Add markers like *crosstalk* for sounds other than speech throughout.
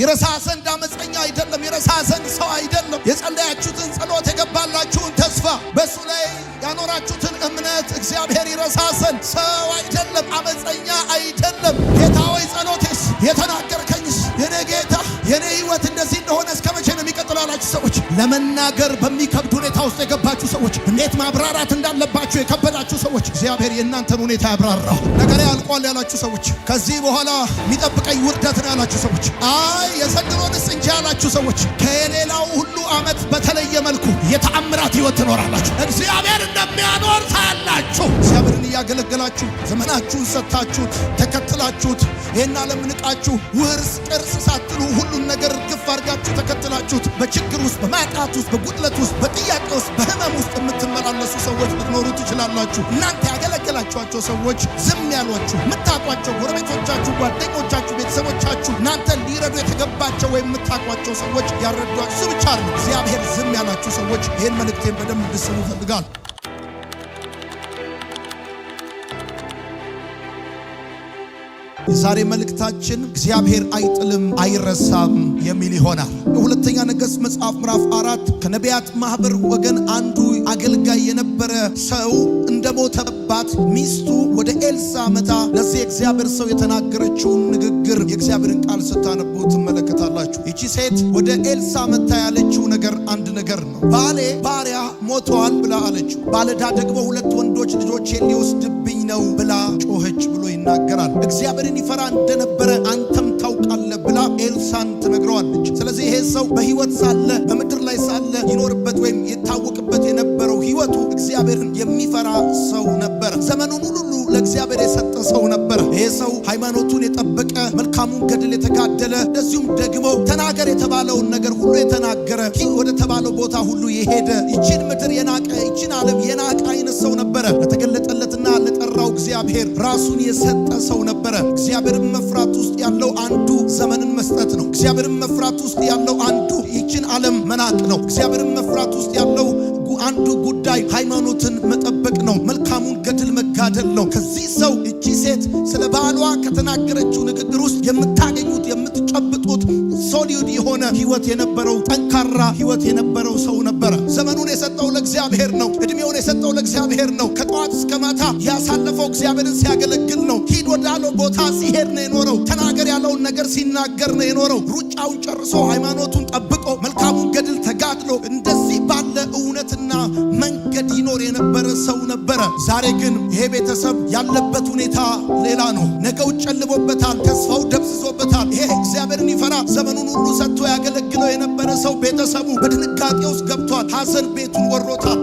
ይረሳ ዘንድ አመፀኛ አይደለም። ይረሳ ዘንድ ሰው አይደለም። የጸለያችሁትን ጸሎት፣ የገባላችሁን ተስፋ፣ በእሱ ላይ ያኖራችሁትን እምነት እግዚአብሔር ይረሳ ዘንድ ሰው አይደለም። አመፀኛ አይደለም። ጌታ ሆይ ጸሎቴስ የተናገርከኝስ የኔ ጌታ የኔ ህይወት እንደዚህ ያላችሁ ሰዎች፣ ለመናገር በሚከብድ ሁኔታ ውስጥ የገባችሁ ሰዎች፣ እንዴት ማብራራት እንዳለባችሁ የከበዳችሁ ሰዎች፣ እግዚአብሔር የእናንተን ሁኔታ ያብራራው። ነገር ያልቋል ያላችሁ ሰዎች፣ ከዚህ በኋላ የሚጠብቀኝ ውርደት ነው ያላችሁ ሰዎች፣ አይ የዘንድሮንስ እንጂ ያላችሁ ሰዎች፣ ከሌላው ሁሉ ዓመት በተለየ መልኩ የተአምራት ህይወት ትኖራላችሁ እግዚአብሔር እንደሚያ እያገለገላችሁ ዘመናችሁን ሰጥታችሁት ተከትላችሁት ይህን ዓለም ንቃችሁ ውርስ ቅርስ ሳትሉ ሁሉን ነገር ግፍ አድርጋችሁ ተከትላችሁት በችግር ውስጥ በማጣት ውስጥ በጉድለት ውስጥ በጥያቄ ውስጥ በህመም ውስጥ የምትመላለሱ ሰዎች ልትኖሩ ትችላላችሁ። እናንተ ያገለገላችኋቸው ሰዎች ዝም ያሏችሁ የምታውቋቸው ጎረቤቶቻችሁ፣ ጓደኞቻችሁ፣ ቤተሰቦቻችሁ እናንተ ሊረዱ የተገባቸው ወይም የምታውቋቸው ሰዎች ያረዷችሁ ብቻ ነው። እግዚአብሔር ዝም ያላችሁ ሰዎች ይህን መልእክቴን በደንብ እንድስሙ ይፈልጋል። የዛሬ መልእክታችን እግዚአብሔር አይጥልም አይረሳም የሚል ይሆናል። የሁለተኛ ነገሥት መጽሐፍ ምዕራፍ አራት ከነቢያት ማህበር ወገን አንዱ አገልጋይ የነበረ ሰው እንደ ባት ሚስቱ ወደ ኤልሳ መታ ለዚህ የእግዚአብሔር ሰው የተናገረችውን ንግግር የእግዚአብሔርን ቃል ስታነቡ ትመለከታላችሁ። ይቺ ሴት ወደ ኤልሳ መታ ያለችው ነገር አንድ ነገር ነው። ባሌ ባሪያ ሞተዋል ብላ አለችው። ባለዳ ደግሞ ሁለት ወንዶች ልጆቼን ሊወስድ ነው ብላ ጮኸች ብሎ ይናገራል። እግዚአብሔርን ይፈራ እንደነበረ አንተም ታውቃለህ ብላ ኤልሳን ትነግረዋለች። ስለዚህ ይሄ ሰው በህይወት ሳለ በምድር ላይ ሳለ ይኖርበት ወይም ይታወቅበት የነበረው ህይወቱ እግዚአብሔርን የሚፈራ ሰው ነበር። ዘመኑን ሁሉ ለእግዚአብሔር የሰጠ ሰው ነበር። ይሄ ሰው ሃይማኖቱን የጠበቀ መልካሙን ገድል የተጋደለ እንደዚሁም ደግሞ ተናገር የተባለውን ነገር ሁሉ የተናገረ ወደ ተባለው ቦታ ሁሉ የሄደ ይችን ምድር የናቀ ይችን ዓለም እግዚአብሔር ራሱን የሰጠ ሰው ነበረ። እግዚአብሔርን መፍራት ውስጥ ያለው አንዱ ዘመንን መስጠት ነው። እግዚአብሔርን መፍራት ውስጥ ያለው አንዱ ይችን ዓለም መናቅ ነው። እግዚአብሔርን መፍራት ውስጥ ያለው አንዱ ጉዳይ ሃይማኖትን መጠበቅ ነው። መልካሙን ገድል መጋደል ነው። ከዚህ ሰው እቺ ሴት ስለ ባሏ ከተናገረችው ንግግር ውስጥ የምታገኙት የምትጨብጡት ሶሊድ የሆነ ህይወት የነበረው ጠንካራ ህይወት የነበረው ሰው ነበረ። ዘመኑን የሰጠው ለእግዚአብሔር ነው። የሰጠው ለእግዚአብሔር ነው። ከጠዋት እስከ ማታ ያሳለፈው እግዚአብሔርን ሲያገለግል ነው። ሂድ ወዳለው ቦታ ሲሄድ ነው የኖረው። ተናገር ያለውን ነገር ሲናገር ነው የኖረው። ሩጫውን ጨርሶ ሃይማኖቱን ጠብቆ መልካሙን ገድል ተጋድሎ እንደዚህ ባለ እውነትና መንገድ ይኖር የነበረ ሰው ነበረ። ዛሬ ግን ይሄ ቤተሰብ ያለበት ሁኔታ ሌላ ነው። ነገው ጨልቦበታል። ተስፋው ደብዝዞበታል። ይሄ እግዚአብሔርን ይፈራ ዘመኑን ሁሉ ሰጥቶ ያገለግለው የነበረ ሰው ቤተሰቡ በድንጋጤ ውስጥ ገብቷል። ሐዘን ቤቱን ወሮታል።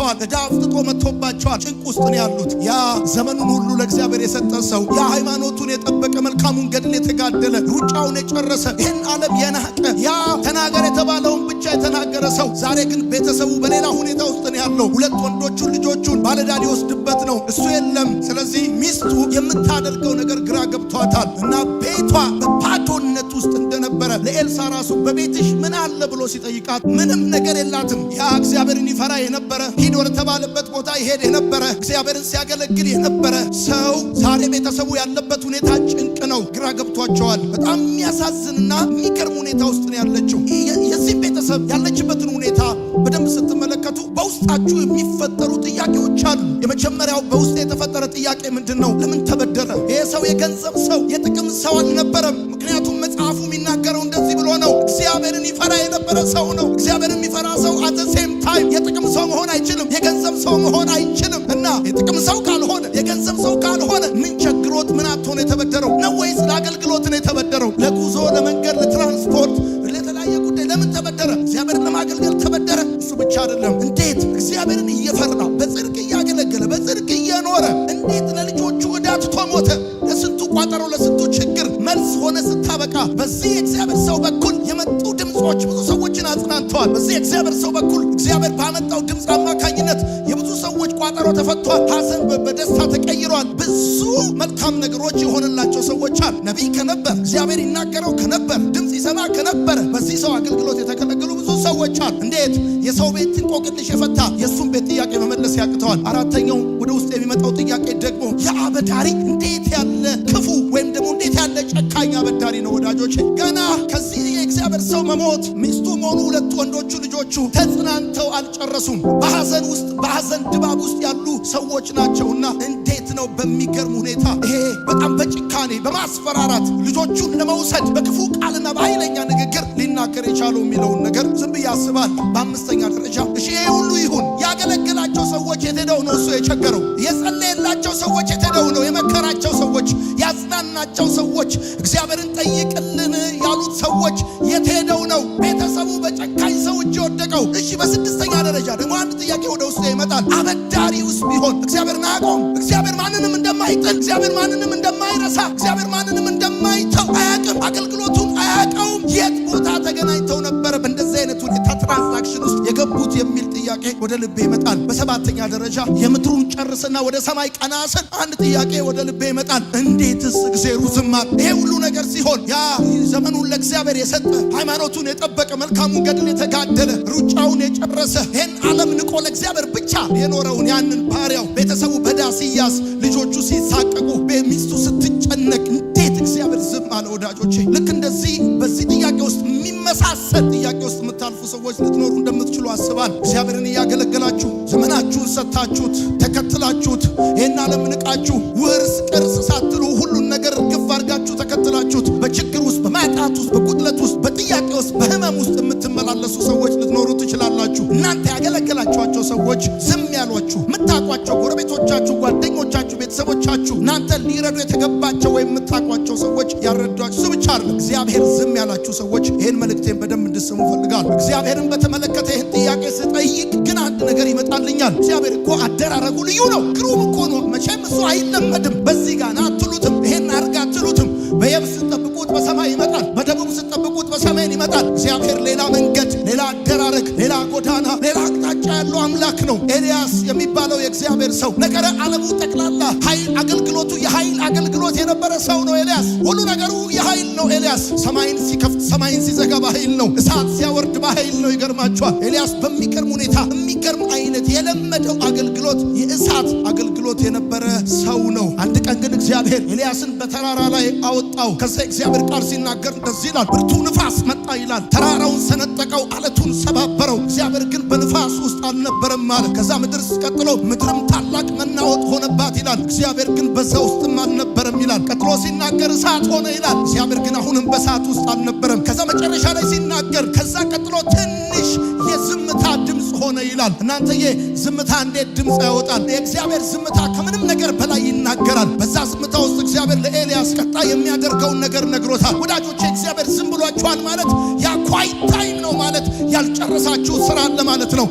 መጥተዋል። እዳፍ ጥጦ መጥቶባቸዋል። ጭንቅ ውስጥ ነው ያሉት። ያ ዘመኑን ሁሉ ለእግዚአብሔር የሰጠ ሰው፣ ያ ሃይማኖቱን የጠበቀ መልካሙን ገድል የተጋደለ ሩጫውን የጨረሰ ይህን ዓለም የናቀ ያ ተናገር የተባለውን ብቻ የተናገረ ሰው ዛሬ ግን ቤተሰቡ በሌላ ሁኔታ ውስጥ ነው ያለው። ሁለት ወንዶቹን ልጆቹን ባለዕዳ ሊወስድበት ነው፣ እሱ የለም። ስለዚህ ሚስቱ የምታደርገው ነገር ግራ ገብቷታል እና ቤቷ በባዶነት ውስጥ ነበረ። ለኤልሳ ራሱ በቤትሽ ምን አለ ብሎ ሲጠይቃት ምንም ነገር የላትም። ያ እግዚአብሔርን ይፈራ የነበረ ሂድ ወደ ተባለበት ቦታ ይሄድ የነበረ እግዚአብሔርን ሲያገለግል የነበረ ሰው ዛሬ ቤተሰቡ ያለበት ሁኔታ ጭንቅ ነው፣ ግራ ገብቷቸዋል። በጣም የሚያሳዝንና የሚገርም ሁኔታ ውስጥ ነው ያለችው። የዚህ ቤተሰብ ያለችበትን ሁኔታ በደንብ ስትመለከቱ በውስጣችሁ የሚፈጠሩ ጥያቄዎች አሉ። የመጀመሪያው በውስጥ የተፈጠረ ጥያቄ ምንድን ነው? ለምን ተበደረ? ይሄ ሰው የገንዘብ ሰው የጥቅም ሰው አልነበረም። ምክንያቱም መጽሐፍ እግዚአብሔርን ይፈራ የነበረ ሰው ነው። እግዚአብሔር የሚፈራ ሰው አት ሴም ታይም የጥቅም ሰው መሆን አይችልም፣ የገንዘብ ሰው መሆን አይችልም። እና የጥቅም ሰው ካልሆነ የገንዘብ ሰው ካልሆነ ምን ቸግሮት ምን አቶ ነው የተበደረው ነው ወይስ ለአገልግሎት ነው የተበደረው? ለጉዞ፣ ለመንገድ፣ ለትራንስፖርት፣ ለተለያየ ጉዳይ ለምን ተበደረ? እግዚአብሔርን ለማገልገል ተበደረ። እሱ ብቻ አይደለም። እንዴት እግዚአብሔርን እየፈራ በጽድቅ እያገለገለ በጽድቅ እየኖረ እንዴት ለልጆቹ ዕዳ ትቶ ሞተ? ለስንቱ ቋጠሮ፣ ለስንቱ ችግር መልስ ሆነ ስታበቃ በዚህ የእግዚአብሔር ሰው በኩል ሰዎች ብዙ ሰዎችን አጽናንተዋል። በዚህ እግዚአብሔር ሰው በኩል እግዚአብሔር ባመጣው ድምፅ አማካኝነት የብዙ ሰዎች ቋጠሮ ተፈቷል። ሐዘን በደስታ ተቀይሯል። ብዙ መልካም ነገሮች የሆነላቸው ሰዎች አሉ። ነቢይ ከነበር እግዚአብሔር ይናገረው ከነበር ድምፅ ይሰማ ከነበረ በዚህ ሰው አገልግሎት የተገለገሉ ብዙ ሰዎች አሉ። እንዴት የሰው ቤትን ቆቅልሽ የፈታ የእሱን ቤት ጥያቄ መመለስ ያቅተዋል። አራተኛው ወደ ውስጥ የሚመጣው ጥያቄ ደግሞ የአበዳሪ እንዴት ያለ ክፉ ወይም ደግሞ እንዴት ያለ ጨካኝ አበዳሪ ነው ወዳጆች ገና ከዚ ሰው መሞት ሚስቱም ሆኑ ሁለቱ ወንዶቹ ልጆቹ ተጽናንተው አልጨረሱም። በሐዘን ውስጥ በሐዘን ድባብ ውስጥ ያሉ ሰዎች ናቸውና እንዴት ነው በሚገርም ሁኔታ ይሄ በጣም በጭካኔ በማስፈራራት ልጆቹን ለመውሰድ በክፉ ቃልና በኃይለኛ ንግግር ሊናገር የቻለው የሚለውን ነገር ዝም ብዬ አስባል። በአምስተኛ ደረጃ እሺ ይሄ ሁሉ ይሁን ያገለገላቸው ሰዎች የተደው ነው እሱ የቸገረው የጸለየላቸው ሰዎች የተደው ነው የመከራቸው ሰዎች ያጽናናቸው ሰዎች እግዚአብሔርን ጠይቅልን ያሉት ሰዎች የት ሄደው ነው ቤተሰቡ በጨካኝ ሰው እጅ ወደቀው እሺ፣ በስድስተኛ ደረጃ ደግሞ አንድ ጥያቄ ወደ ውስጥ ይመጣል። አበዳሪ ውስጥ ቢሆን እግዚአብሔርን አያውቀውም። እግዚአብሔር ማንንም እንደማይጥል፣ እግዚአብሔር ማንንም እንደማይረሳ፣ እግዚአብሔር ማንንም እንደማይተው አያውቅም። አገልግሎቱን አያውቀውም። የት ቦታ ተገናኝተው ነበረ በእንደዚህ አይነት ሁኔታ ትራንዛክሽን ውስጥ የገቡት የሚል ጥያቄ ወደ ልቤ ይመጣል። በሰባተኛ ደረጃ የምትሩን ጨርስና ወደ ሰማይ ቀና ስል አንድ ጥያቄ ወደ ልቤ ይመጣል። እንዴትስ እግዜሩ ዝማል ይሄ ሁሉ ነገር ሲሆን ያ ዘመኑን የሰጠ ሃይማኖቱን የጠበቀ መልካሙን ገድል የተጋደለ ሩጫውን የጨረሰ ይህን ዓለም ንቆ ለእግዚአብሔር ብቻ የኖረውን ያንን ባሪያው ቤተሰቡ በዳ ሲያዝ፣ ልጆቹ ሲሳቀቁ፣ ሚስቱ ስትጨነቅ እንዴት እግዚአብሔር ዝም አለ? ወዳጆቼ ልክ እንደዚህ በዚህ ጥያቄ ውስጥ የሚመሳሰል ጥያቄ ውስጥ የምታልፉ ሰዎች ልትኖሩ እንደምትችሉ አስባል። እግዚአብሔርን እያገለገላችሁ ዘመናችሁን ሰጥታችሁት ተከትላችሁት ይህን ዓለም ንቃችሁ እንድትሰሙ ፈልጋለሁ። እግዚአብሔርን በተመለከተ ይህን ጥያቄ ስጠይቅ ግን አንድ ነገር ይመጣልኛል። እግዚአብሔር እኮ አደራረጉ ልዩ ነው፣ ግሩም እኮ ነው። መቼም እሱ አይለመድም። በዚህ ጋር አትሉትም፣ ይሄን አድርግ አትሉትም። በየብስ ስጠብቁት በሰማይ ይመጣል፣ በደቡብ ስጠብቁት በሰሜን ይመጣል። እግዚአብሔር ሌላ መንገድ፣ ሌላ አደራረግ፣ ሌላ ጎዳና፣ ሌላ አቅጣጫ ያለው አምላክ ነው። ኤልያስ የሚባለው የእግዚአብሔር ሰው ነገረ ዓለሙ ጠቅላላ ኃይል አገልግሎቱ የኃይል አገልግሎት የነበረ ሰው ነው ኤልያስ። ሁሉ ነገሩ የኃይል ነው ኤልያስ። ሰማይን ሲከፍት ሰማይን ሲዘጋ በኃይል ነው። እሳት ሲያወርድ በኃይል ነው። ይገርማችኋል። ኤልያስ በሚገርም ሁኔታ የሚገርም አይነት የለመደው አገልግሎት የእሳት አገልግሎት የነበረ ሰው ነው። አንድ ቀን ግን እግዚአብሔር ኤልያስን በተራራ ላይ አወጣው። ከዛ እግዚአብሔር ቃል ሲናገር እንደዚህ ይላል፣ ብርቱ ንፋስ መጣ ይላል። ተራራውን ሰነጠቀው፣ አለቱን ሰባበረው። እግዚአብሔር አልነበረም አለ። ከዛ ምድር ስቀጥሎ ምድርም ታላቅ መናወጥ ሆነባት ይላል። እግዚአብሔር ግን በዛ ውስጥም አልነበረም ይላል። ቀጥሎ ሲናገር እሳት ሆነ ይላል። እግዚአብሔር ግን አሁንም በእሳት ውስጥ አልነበረም። ከዛ መጨረሻ ላይ ሲናገር ከዛ ቀጥሎ ትንሽ የዝምታ ድምፅ ሆነ ይላል። እናንተዬ ዝምታ እንዴት ድምፅ ያወጣል? የእግዚአብሔር ዝምታ ከምንም ነገር በላይ ይናገራል። በዛ ዝምታ ውስጥ እግዚአብሔር ለኤልያስ ቀጣይ የሚያደርገውን ነገር ነግሮታል። ወዳጆቼ እግዚአብሔር ዝም ብሏችኋል ማለት ያ ኳይት ታይም ነው ማለት ያልጨረሳችሁ ስራ አለ ማለት ነው።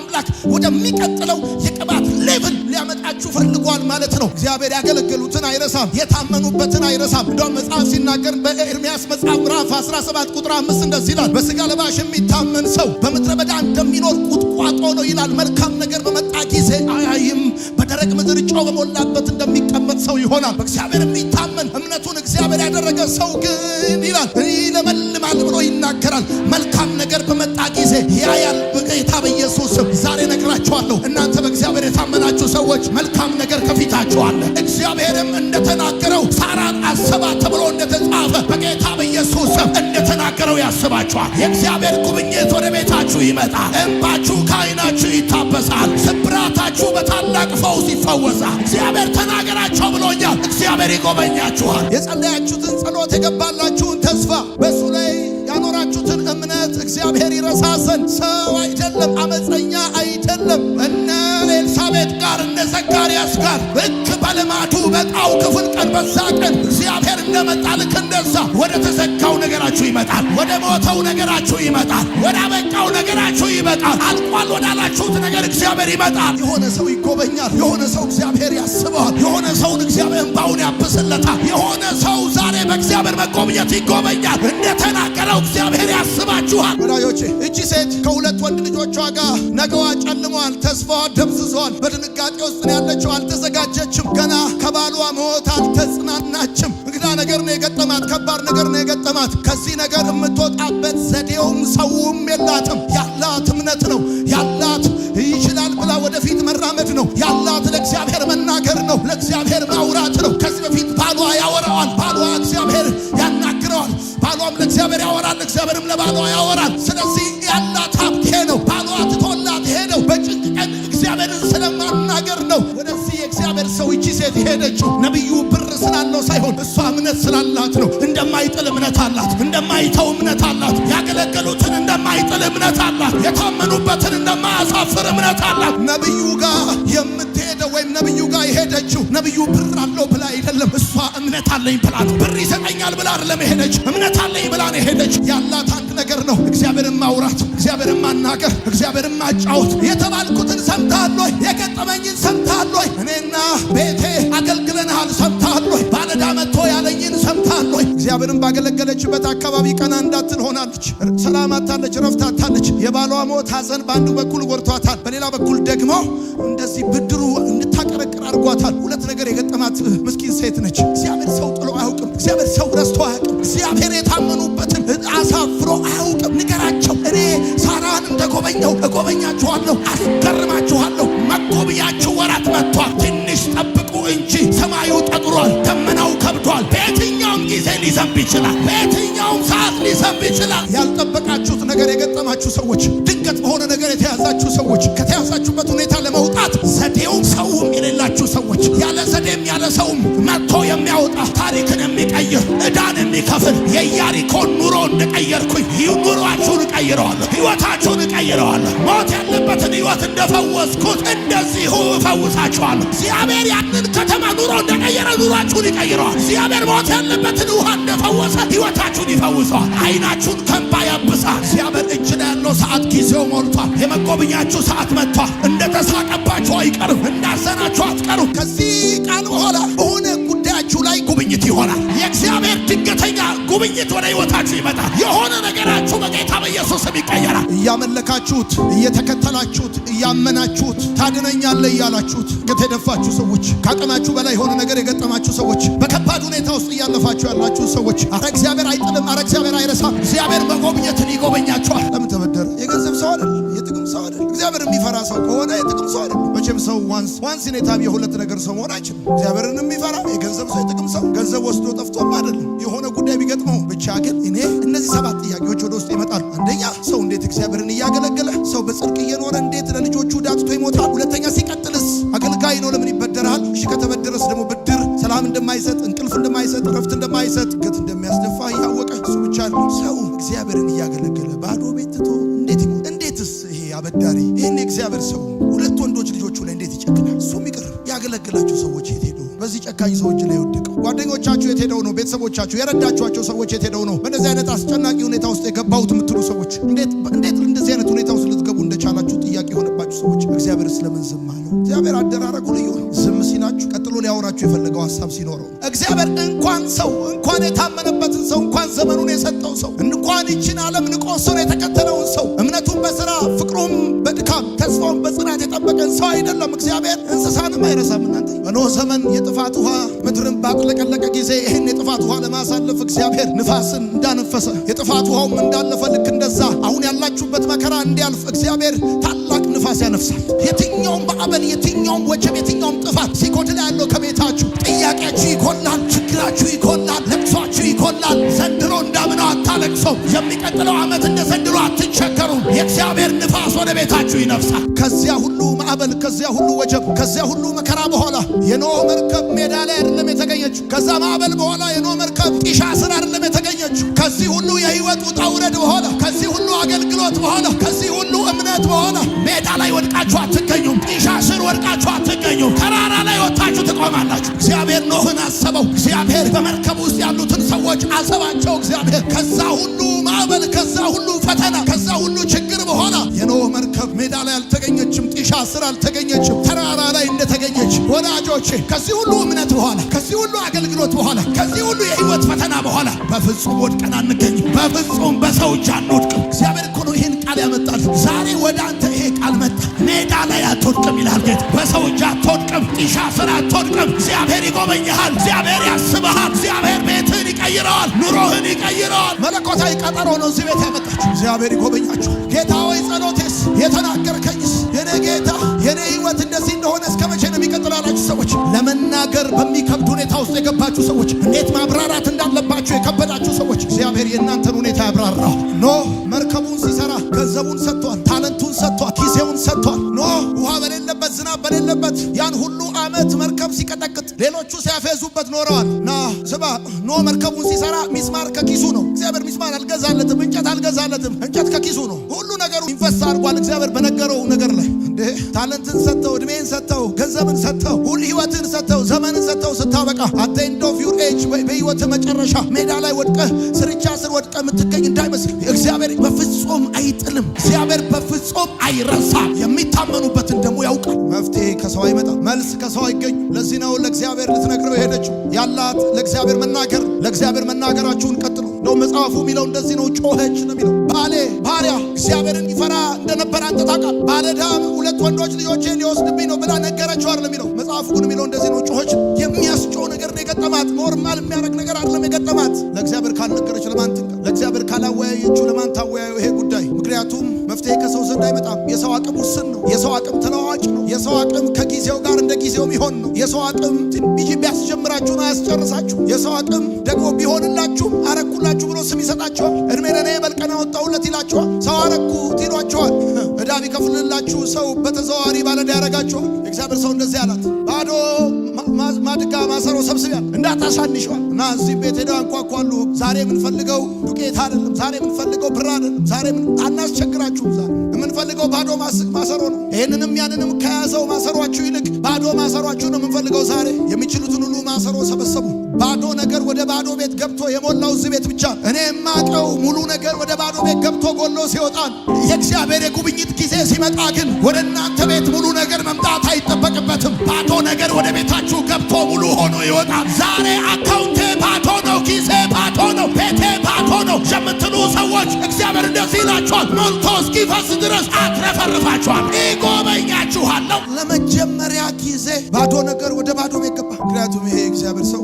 አምላክ ወደሚቀጥለው የቅባት ሌቭል ሊያመጣችሁ ፈልጓል ማለት ነው። እግዚአብሔር ያገለገሉትን አይረሳም፣ የታመኑበትን አይረሳም። እንደውም መጽሐፍ ሲናገር በኤርሚያስ መጽሐፍ ምዕራፍ 17 ቁጥር አምስት እንደዚህ ይላል፣ በስጋ ለባሽ የሚታመን ሰው በምድረ በዳ እንደሚኖር ቁጥቋጦ ነው ይላል። መልካም ነገር በመጣ ጊዜ አያይም፣ በደረቅ ምድር ጨው በሞላበት እንደሚቀመጥ ሰው ይሆናል። በእግዚአብሔር የሚታመን እምነቱን እግዚአብሔር ያደረገ ሰው ግን ይላል ይለመልማል ብሎ ይናገራል። መልካም ነገር በመጣ ጊዜ ያያል አልተመለስም። ዛሬ ነግራችኋለሁ፣ እናንተ በእግዚአብሔር የታመናችሁ ሰዎች መልካም ነገር ከፊታችሁ አለ። እግዚአብሔርም እንደተናገረው ሳራን አሰባ ተብሎ እንደተጻፈ በጌታ በኢየሱስ እንደተናገረው ያስባችኋል። የእግዚአብሔር ጉብኝት ወደ ቤታችሁ ይመጣል። እንባችሁ ከዓይናችሁ ይታበሳል። ስብራታችሁ በታላቅ ፈውስ ይፈወሳል። እግዚአብሔር ተናገራቸው ብሎኛል። እግዚአብሔር ይጎበኛችኋል። የጸለያችሁትን ጸሎት የገባላችሁን ተስፋ በእሱ ላይ ያኖራችሁትን እምነት እግዚአብሔር ይረሳ ዘንድ ሰው አይደለም አመፀኛ ከዘካርያስ ጋር ልክ በልማቱ ክፍል ቀን በዛ ቀን እንደመጣ ልክ እንደዛ ወደ ተዘጋው ነገራችሁ ይመጣል። ወደ ሞተው ነገራችሁ ይመጣል። ወደ አበቃው ነገራችሁ ይመጣል። አልቋል ወዳላችሁት ነገር እግዚአብሔር ይመጣል። የሆነ ሰው ይጎበኛል። የሆነ ሰው እግዚአብሔር ያስበዋል። የሆነ ሰውን እግዚአብሔር እንባውን ያብስለታል። የሆነ ሰው ዛሬ በእግዚአብሔር መጎብኘት ይጎበኛል። እንደተናገረው እግዚአብሔር ያስባችኋል። ወዳጆቼ እቺ ሴት ከሁለት ወንድ ልጆቿ ጋር ነገዋ ጨልሟል። ተስፋዋ ደብዝዟል። በድንጋጤ ውስጥ ያለችው አልተዘጋጀችም። ገና ከባሏ መሞት አልተጽናናችም። እንግዳ ነገር ነው የገጠማት፣ ከባድ ነገር ነው የገጠማት። ከዚህ ነገር የምትወጣበት ዘዴውም ሰውም የላትም። ያላት እምነት ነው ያላት ይችላል ብላ ወደፊት መራመድ ነው ያላት። ለእግዚአብሔር መናገር ነው፣ ለእግዚአብሔር ማውራት ነው። ከዚህ በፊት ባሏ ያወራዋል፣ ባሏ እግዚአብሔር ያናግረዋል፣ ባሏም ለእግዚአብሔር ያወራል፣ እግዚአብሔርም ለባሏ ያወራል። ስለዚህ እምነት አላት። የታመኑበትን እንደማያሳፍር እምነት አላት። ነቢዩ ጋር የምትሄደው ወይም ነቢዩ ጋር የሄደችው ነቢዩ ብር አለው ብላ አይደለም። እሷ እምነት አለኝ ብላ ነው። ብር ይሰጠኛል ብላ አይደለም የሄደችው። እምነት አለኝ ብላ ነው የሄደችው። ያላት አንድ ነገር ነው፣ እግዚአብሔርን ማውራት፣ እግዚአብሔርን ማናገር፣ እግዚአብሔርን ማጫወት። የተባልኩትን ሰምተሃል ወይ? የገጠመኝን ሰምተሃል እኔና ቤቴ አገልግለንሃል ሰምተሃል እግዚአብሔርን ባገለገለችበት አካባቢ ቀና እንዳትል ሆናለች። ሰላም አታለች፣ ረፍት አታለች። የባሏ ሞት ሐዘን በአንዱ በኩል ጎርቷታል፣ በሌላ በኩል ደግሞ እንደዚህ ብድሩ እንድታቀረቅር አድርጓታል። ሁለት ነገር የገጠማት ምስኪን ሴት ነች። እግዚአብሔር ሰው ጥሎ አያውቅም። እግዚአብሔር ሰው ረስቶ አያውቅም። እግዚአብሔር የታመኑበትን አሳፍሮ አያውቅም። ንገራቸው፣ እኔ ሳራን እንደጎበኘው እጎበኛችኋለሁ አልገርም ይችላል። በየትኛውም ሰዓት ሊሰብ ይችላል። ያልጠበቃችሁት ነገር የገጠማችሁ ሰዎች፣ ድንገት በሆነ ነገር የተያዛችሁ ሰዎች፣ ከተያዛችሁበት ሁኔታ ለመውጣት ዘዴውም ሰውም የሌላችሁ ሰዎች፣ ያለ ዘዴም ያለ ሰውም መጥቶ የሚያወጣ ታሪክን የሚቀይር ዕዳን የሚከፍል የኢያሪኮን ኑሮ እንደቀየርኩኝ ይህ ኑሯችሁን እቀይረዋለሁ፣ ሕይወታችሁን እቀይረዋለሁ። ሞት ያለበትን ሕይወት እንደፈወስኩት እንደዚሁ እፈውሳችኋለሁ። እግዚአብሔር ያንን ከተማ ኑሮ እንደቀየረ ኑሯችሁን ይቀይረዋል። እግዚአብሔር ሞት ያለበትን ውሃ እንደፈወሰ ሕይወታችሁን ይፈውሰዋል። ዓይናችሁን ከንባ ያብሳል። እግዚአብሔር እጅ ላይ ያለው ሰዓት ጊዜው ሞልቷል። የመጎብኛችሁ ሰዓት መጥቷል። እንደተሳቀባችሁ አይቀርም፣ እንዳዘናችሁ አትቀሩም። ከዚህ ቃል በኋላ በሆነ ጉዳያችሁ ላይ ጉብኝት ይሆናል። እግዚአብሔር ድንገተኛ ጉብኝት ወደ ህይወታችሁ ይመጣል። የሆነ ነገራችሁ በጌታ በኢየሱስም ይቀየራል። እያመለካችሁት፣ እየተከተላችሁት፣ እያመናችሁት ታድነኛለ እያላችሁት ገት የደፋችሁ ሰዎች፣ ከአቅማችሁ በላይ የሆነ ነገር የገጠማችሁ ሰዎች፣ በከባድ ሁኔታ ውስጥ እያለፋችሁ ያላችሁ ሰዎች አረ እግዚአብሔር አይጥልም፣ አረ እግዚአብሔር አይረሳም። እግዚአብሔር መጎብኘትን ይጎበኛችኋል። ለምን ተበደረ? የገንዘብ ሰው አይደል፣ የጥቅም ሰው አይደል። እግዚአብሔር የሚፈራ ሰው ከሆነ የጥቅም ሰው አይደል። ሰው ዋንስ ዋንስ የሁለት ነገር ሰው መሆን አይችልም። እግዚአብሔርን የሚፈራ የገንዘብ ሰው የጥቅም ሰው ገንዘብ ወስዶ ጠፍቶም አይደለም የሆነ ጉዳይ ቢገጥመው ብቻ። ግን እኔ እነዚህ ሰባት ጥያቄዎች ወደ ውስጥ ይመጣሉ። አንደኛ ሰው እንዴት እግዚአብሔርን እያገለገለ ሰው በጽድቅ እየኖረ እንዴት ለልጆቹ ዳትቶ ይሞታል? ሁለተኛ ሲቀጥልስ አገልጋይ ነው ለምን ይበደራል? እሺ ከተበደረስ ደግሞ ብድር ሰላም እንደማይሰጥ እንቅልፍ እንደማይሰጥ ረፍት እንደማይሰጥ ግት እንደሚያስደፋ እያወቀ እሱ ብቻ ሰው እግዚአብሔርን እያገለገለ ባዶ ቤት ትቶ አበዳሪ ይህን የእግዚአብሔር ሰው ሁለት ወንዶች ልጆቹ ላይ እንዴት ይጨክናል? እሱም ይቅር ያገለግላቸው ሰዎች የት ሄደው በዚህ ጨካኝ ሰዎች ላይ ወደቀው። ጓደኞቻችሁ የት ሄደው ነው? ቤተሰቦቻችሁ፣ የረዳችኋቸው ሰዎች የት ሄደው ነው? በእንደዚህ አይነት አስጨናቂ ሁኔታ ውስጥ የገባሁት የምትሉ ሰዎች እንዴት እንዴት እንደዚህ አይነት ሁኔታ ውስጥ ልትገቡ እንደቻላችሁ ጥያቄ የሆነባችሁ ሰዎች እግዚአብሔር ስለምን ዝም አለው? እግዚአብሔር አደራረጉ ልዩ ሊያወራችሁ የፈለገው ሀሳብ ሲኖረው እግዚአብሔር እንኳን ሰው እንኳን የታመነበትን ሰው እንኳን ዘመኑን የሰጠው ሰው እንኳን ይችን ዓለም ንቆ እሱን የተከተለውን ሰው እምነቱን በስራ ፍቅሩም በድካም ተስፋውን በጽናት የጠበቀን ሰው አይደለም እግዚአብሔር። እንስሳንም አይረሳም። እናንተ በኖ ዘመን የጥፋት ውሃ ምድርን ባጥለቀለቀ ጊዜ ይህን የጥፋት ውሃ ለማሳለፍ እግዚአብሔር ንፋስን እንዳነፈሰ የጥፋት ውሃውም እንዳለፈ ልክ እንደዛ አሁን ያላችሁበት መከራ እንዲያልፍ እግዚአብሔር ንፋስ ያነፍሳል። የትኛውም ማዕበል፣ የትኛውም ወጀብ፣ የትኛውም ጥፋት ሲጎድል ያለው ከቤታችሁ ጥያቄያችሁ ይኮናል፣ ችግራችሁ ይኮናል፣ ለቅሷችሁ ይኮናል። ዘንድሮ እንዳምነው አታለቅሰው። የሚቀጥለው ዓመት እንደ ዘንድሮ አትቸገሩ። የእግዚአብሔር ንፋስ ወደ ቤታችሁ ይነፍሳል። ከዚያ ሁሉ ማዕበል፣ ከዚያ ሁሉ ወጀብ፣ ከዚያ ሁሉ መከራ በኋላ የኖ መርከብ ሜዳ ላይ አይደለም የተገኘችው። ከዛ ማዕበል በኋላ የኖ መርከብ ጢሻ ስር አይደለም የተገኘችው። ከዚህ ሁሉ የህይወት ውጣ ውረድ በኋላ ከዚህ ሁሉ አገልግሎት በኋላ ከዚህ ሁሉ እምነት በኋላ ወድቃችሁ አትገኙም። ጢሻ ስር ወድቃችሁ አትገኙም። ተራራ ላይ ወጥታችሁ ትቆማላችሁ። እግዚአብሔር ኖህን አሰበው። እግዚአብሔር በመርከብ ውስጥ ያሉትን ሰዎች አሰባቸው። እግዚአብሔር ከዛ ሁሉ ማዕበል፣ ከዛ ሁሉ ፈተና፣ ከዛ ሁሉ ችግር በኋላ የኖህ መርከብ ሜዳ ላይ አልተገኘችም። ጢሻ ስር አልተገኘችም። ተራራ ላይ እንደተገኘች ወዳጆቼ፣ ከዚህ ሁሉ እምነት በኋላ፣ ከዚህ ሁሉ አገልግሎት በኋላ፣ ከዚህ ሁሉ የህይወት ፈተና በኋላ በፍጹም ወድቀን አንገኝም። በፍጹም በሰው እጅ አንወድቅም። እግዚአብሔር እኮ ነው ይህን ቃል ያመጣል ዛሬ ወደ ይላል ጌታ። በሰው እጅ አትወድቅም። ጢሻ ስር አትወድቅም። እግዚአብሔር ይጎበኝሃል። እግዚአብሔር ያስብሃል፣ እግዚአብሔር ቤትህን ይቀይረዋል። ኑሮህን ይቀይረዋል። መለኮታዊ ቀጠሮ ነው እዚህ ቤት ያመጣችሁ። እግዚአብሔር ይጎበኛችሁ። ጌታ ወይ ጸሎቴስ የተናገርከኝስ የኔ ጌታ የኔ ህይወት እንደዚህ እንደሆነ እስከ መቼ ነው የሚቀጥለው ሰዎች ለመናገር በሚከብድ ሁኔታ ውስጥ የገባችሁ ሰዎች እንዴት ማብራራት እንዳለባችሁ የከበዳችሁ ሰዎች እግዚአብሔር የእናንተን ሁኔታ ያብራራ። ኖ መርከቡን ሲሰራ ገንዘቡን ሰ ሰጥቷል። ኖህ ውሃ በሌለበት ዝናብ በሌለበት ያን ሁሉ ዓመት መርከብ ሲቀጠቅጥ ሌሎቹ ሲያፌዙበት ኖረዋል። ና ስባ ኖ መርከቡን ሲሰራ ሚስማር ከኪሱ ነው። እግዚአብሔር ሚስማር አልገዛለትም፣ እንጨት አልገዛለትም። እንጨት ከኪሱ ነው። ሁሉ ነገሩ ኢንቨስት አድርጓል። እግዚአብሔር በነገረው ነገር ላይ እንዴ ታለንትን ሰጥተው፣ እድሜን ሰጥተው፣ ገንዘብን ሰጥተው፣ ሁሉ ህይወትን ሰጥተው፣ ዘመንን ሰጥተው ስታበቃ አት ኤንድ ኦፍ ዩር ኤጅ በህይወት መጨረሻ ሜዳ ላይ ወድቀህ ስርቻ ስር ወድቀህ የምትገኝ እንዳይመስል እግዚአብሔር በፍጹም አይጥልም። በፍጹም አይረሳም። የሚታመኑበትን ደግሞ ያውቃል። መፍትሄ ከሰው አይመጣም፣ መልስ ከሰው አይገኝም። ለዚህ ነው ለእግዚአብሔር ልትነግረው የሄደችው ያላት ለእግዚአብሔር መናገር። ለእግዚአብሔር መናገራችሁን ቀጥሉ ነው መጽሐፉ የሚለው እንደዚህ ነው። ጮኸች ነው የሚለው ባሌ ባሪያ እግዚአብሔርን ይፈራ እንደነበረ አንተ ታውቃል። ባለዳም ሁለት ወንዶች ልጆቼ ሊወስድብኝ ነው ብላ ነገረችው አይደል የሚለው መጽሐፉ ግን የሚለው እንደዚህ ነው። ጮኸች የሚያስጮ ነገር ነው የገጠማት። ኖርማል የሚያደርግ ነገር አይደለም የገጠማት። ለእግዚአብሔር ካልነገረች ለማን ትንቀ? ለእግዚአብሔር ካላወያየችው ለማን ታወያየ? መፍትሄ ከሰው ዘንድ አይመጣም። የሰው አቅም ውስን ነው። የሰው አቅም ተለዋዋጭ ነው። የሰው አቅም ከጊዜው ጋር እንደ ጊዜው ቢሆን ነው። የሰው አቅም ትንቢጅ ቢያስጀምራችሁን አያስጨርሳችሁ። የሰው አቅም ደግሞ ቢሆንላችሁም አረኩላችሁ ብሎ ስም ይሰጣችኋል። እድሜ ለእኔ መልቀና ወጣሁለት ይላችኋል። ሰው አረኩት ይሏችኋል። *laughs* እዳ ቢከፍልላችሁ ሰው በተዘዋዋሪ ባለ ትንሿ እና እዚህ ቤት ሄደው አንኳኳሉ። ዛሬ የምንፈልገው ዱቄት አይደለም። ዛሬ የምንፈልገው ብር አይደለም። ዛሬ አናስቸግራችሁም። ዛሬ የምንፈልገው ባዶ ማሰሮ ነው። ይህንንም ያንንም ከያዘው ማሰሯችሁ ይልቅ ባዶ ማሰሯችሁ ነው የምንፈልገው። ዛሬ የሚችሉትን ሁሉ ማሰሮ ሰበሰቡ። ባዶ ነገር ወደ ባዶ ቤት ገብቶ የሞላው እዚህ ቤት ብቻ እኔ የማውቀው ሙሉ ነገር ወደ ባዶ ቤት ገብቶ ጎሎ ሲወጣን የእግዚአብሔር የጉብኝት ጊዜ ሲመጣ ግን ወደ እናንተ ቤት ሙሉ ነገር መምጣት አይጠበቅበትም። ባዶ ነገር ወደ ቤታችሁ ገብቶ ሙሉ ሆኖ ይወጣል። ዛሬ አካውንቴ ባዶ ነው፣ ጊዜ ባዶ ነው፣ ቤቴ ባዶ ነው የምትሉ ሰዎች እግዚአብሔር እንደዚህ ይላችኋል፣ ሞልቶ እስኪፈስ ድረስ አትረፈርፋችኋል፣ ይጎበኛችኋለሁ። ለመጀመሪያ ጊዜ ባዶ ነገር ወደ ባዶ ቤት ገባ። ምክንያቱም ይሄ እግዚአብሔር ሰው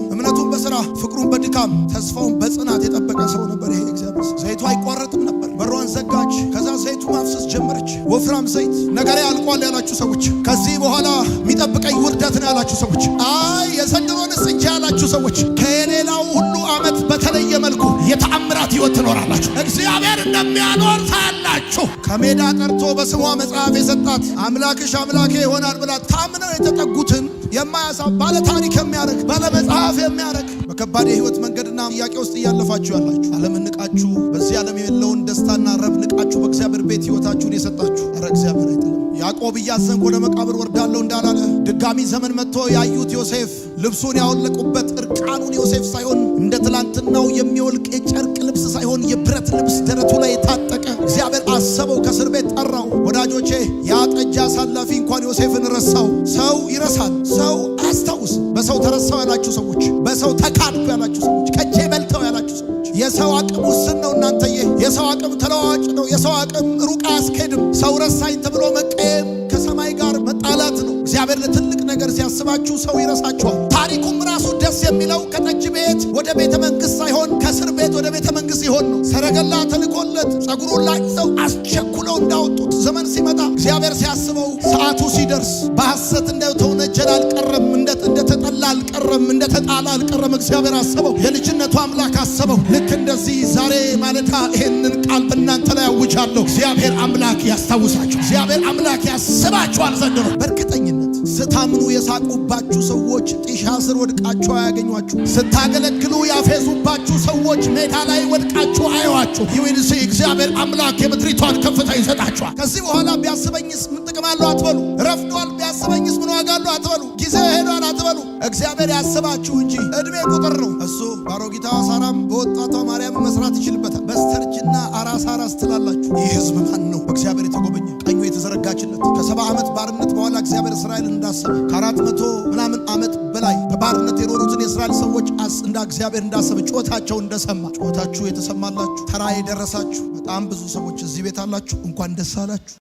መልካም ተስፋውን በጽናት የጠበቀ ሰው ነበር ይሄ እግዚአብሔር። ዘይቱ አይቋረጥም ነበር። በሯን ዘጋች። ከዛ ዘይቱ ማፍሰስ ጀመረች። ወፍራም ዘይት። ነገር ያልቋል ያላችሁ ሰዎች፣ ከዚህ በኋላ የሚጠብቀኝ ውርደት ነው ያላችሁ ሰዎች፣ አይ የዘንድሮን እንጂ ያላችሁ ሰዎች ከሌላው ሁሉ ዓመት በተለየ መልኩ የተአምራት ህይወት ትኖራላችሁ። እግዚአብሔር እንደሚያኖር ታያላችሁ። ከሜዳ ቀርቶ በስሟ መጽሐፍ የሰጣት አምላክሽ አምላኬ ይሆናል ብላ ታምነው የተጠጉትን የማያሳ ባለታሪክ የሚያደርግ ባለመጽሐፍ የሚያደርግ በከባድ የህይወት መንገድና ጥያቄ ውስጥ እያለፋችሁ ያላችሁ ዓለም ንቃችሁ፣ በዚህ ዓለም የሌለውን ደስታና ረብ ንቃችሁ በእግዚአብሔር ቤት ህይወታችሁን የሰጣችሁ ረ እግዚአብሔር አይጥልም። ያዕቆብ እያዘንኩ ወደ መቃብር ወርዳለሁ እንዳላለ ድጋሚ ዘመን መጥቶ ያዩት ዮሴፍ ልብሱን ያወለቁበት እርቃኑን ዮሴፍ ሳይሆን እንደ ትላንትናው የሚወልቅ የጨርቅ ልብስ ሳይሆን የብረት ልብስ ደረቱ ላይ የታጠቀ እግዚአብሔር አሰበው፣ ከእስር ቤት ጠራው። ወዳጆቼ ያ ጠጅ አሳላፊ እንኳን ዮሴፍን ረሳው። ሰው ይረሳል ሰው አስታውስ በሰው ተረሳው ያላችሁ ሰዎች፣ በሰው ተካድኩ ያላችሁ ሰዎች፣ ከቼ በልተው ያላችሁ ሰዎች የሰው አቅም ውስን ነው። እናንተ የሰው አቅም ተለዋዋጭ ነው። የሰው አቅም ሩቅ አያስኬድም። ሰው ረሳኝ ተብሎ መቀየም ከሰማይ ጋር መጣላት ነው። እግዚአብሔር ለትልቅ ነገር ሲያስባችሁ ሰው ይረሳችኋል። ታሪኩም ራሱ ደስ የሚለው ከጠጅ ቤት ወደ ቤተ መንግስት ሳይሆን ከእስር ቤት ወደ ቤተ መንግስት ሲሆን ነው። ሰረገላ ተልኮለት ጸጉሩን ላጭተው አስቸኩለው እንዳወጡት ዘመን ሲመጣ እግዚአብሔር ሲያስበው ሰዓቱ ሲደርስ በሐሰት እንደተወነጀለ አልቀረም። አልቀረም፣ እንደ ተጣላ አልቀረም። እግዚአብሔር አሰበው፣ የልጅነቱ አምላክ አሰበው። ልክ እንደዚህ ዛሬ ማለታ ይሄንን ቃል በእናንተ ላይ አውጃለሁ። እግዚአብሔር አምላክ ያስታውሳችሁ፣ እግዚአብሔር አምላክ ያስባችኋል። ዘንድሮ በእርግጠኝነት ስታምኑ የሳቁባችሁ ሰዎች ጢሻ ስር ወድቃችሁ አያገኟችሁ። ስታገለግሉ ያፌዙባችሁ ሰዎች ሜዳ ላይ ወድቃችሁ አየዋችሁ። ይሁን ሲ እግዚአብሔር አምላክ የምድሪቷን ከፍታ ይሰጣችኋል። ከዚህ በኋላ ቢያስበኝስ ምን ጥቅም አለው አትበሉ። ረፍዷል ቢያስበኝስ ምን ዋጋ አለው አትበሉ። ጊዜ ሄዷል እግዚአብሔር ያስባችሁ እንጂ እድሜ ቁጥር ነው። እሱ በአሮጊቷ ሳራም በወጣቷ ማርያም መስራት ይችልበታል። በስተርጅና አራስ አራስ ትላላችሁ። ይህ ህዝብ ማን ነው? በእግዚአብሔር የተጎበኘ ቀኙ የተዘረጋችለት ከሰባ ዓመት ባርነት በኋላ እግዚአብሔር እስራኤል እንዳሰበ ከአራት መቶ ምናምን ዓመት በላይ በባርነት የኖሩትን የእስራኤል ሰዎች እንደ እግዚአብሔር እንዳሰበ ጩኸታቸው እንደሰማ ጩኸታችሁ የተሰማላችሁ ተራ የደረሳችሁ በጣም ብዙ ሰዎች እዚህ ቤት አላችሁ። እንኳን ደስ አላችሁ።